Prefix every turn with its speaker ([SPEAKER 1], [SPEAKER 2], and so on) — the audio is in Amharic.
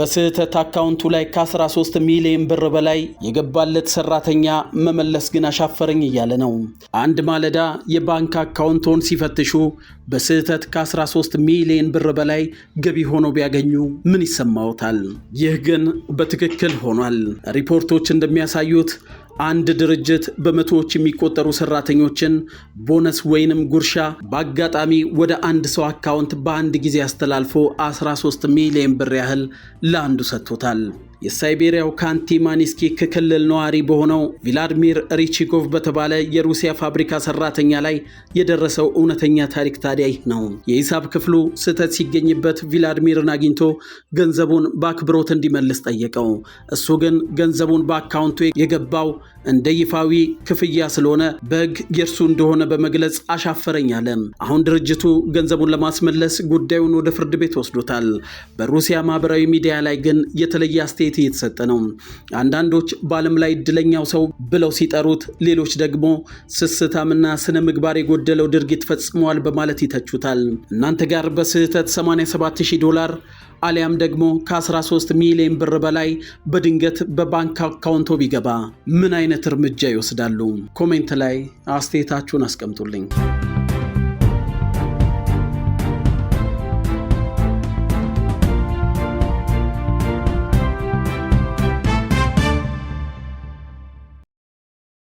[SPEAKER 1] በስህተት አካውንቱ ላይ ከ13 ሚሊዮን ብር በላይ የገባለት ሰራተኛ መመለስ ግን አሻፈረኝ እያለ ነው። አንድ ማለዳ የባንክ አካውንቶን ሲፈትሹ በስህተት ከ13 ሚሊዮን ብር በላይ ገቢ ሆኖ ቢያገኙ ምን ይሰማዎታል? ይህ ግን በትክክል ሆኗል። ሪፖርቶች እንደሚያሳዩት አንድ ድርጅት በመቶዎች የሚቆጠሩ ሰራተኞችን ቦነስ ወይንም ጉርሻ በአጋጣሚ ወደ አንድ ሰው አካውንት በአንድ ጊዜ አስተላልፎ 13 ሚሊዮን ብር ያህል ለአንዱ ሰጥቶታል። የሳይቤሪያው ካንቲ ማኒስኪክ ክልል ነዋሪ በሆነው ቪላድሚር ሪቺጎቭ በተባለ የሩሲያ ፋብሪካ ሰራተኛ ላይ የደረሰው እውነተኛ ታሪክ ታዲያ ይህ ነው። የሂሳብ ክፍሉ ስህተት ሲገኝበት ቪላድሚርን አግኝቶ ገንዘቡን በአክብሮት እንዲመልስ ጠየቀው። እሱ ግን ገንዘቡን በአካውንቱ የገባው እንደ ይፋዊ ክፍያ ስለሆነ በሕግ የእርሱ እንደሆነ በመግለጽ አሻፈረኝ አለ። አሁን ድርጅቱ ገንዘቡን ለማስመለስ ጉዳዩን ወደ ፍርድ ቤት ወስዶታል። በሩሲያ ማህበራዊ ሚዲያ ላይ ግን የተለየ አስተያየት አስተያየት እየተሰጠ ነው። አንዳንዶች በዓለም ላይ እድለኛው ሰው ብለው ሲጠሩት፣ ሌሎች ደግሞ ስስታምና ስነ ምግባር የጎደለው ድርጊት ፈጽመዋል በማለት ይተቹታል። እናንተ ጋር በስህተት 87000 ዶላር አሊያም ደግሞ ከ13 ሚሊዮን ብር በላይ በድንገት በባንክ አካውንቶ ቢገባ ምን አይነት እርምጃ ይወስዳሉ? ኮሜንት ላይ አስተያየታችሁን አስቀምጡልኝ።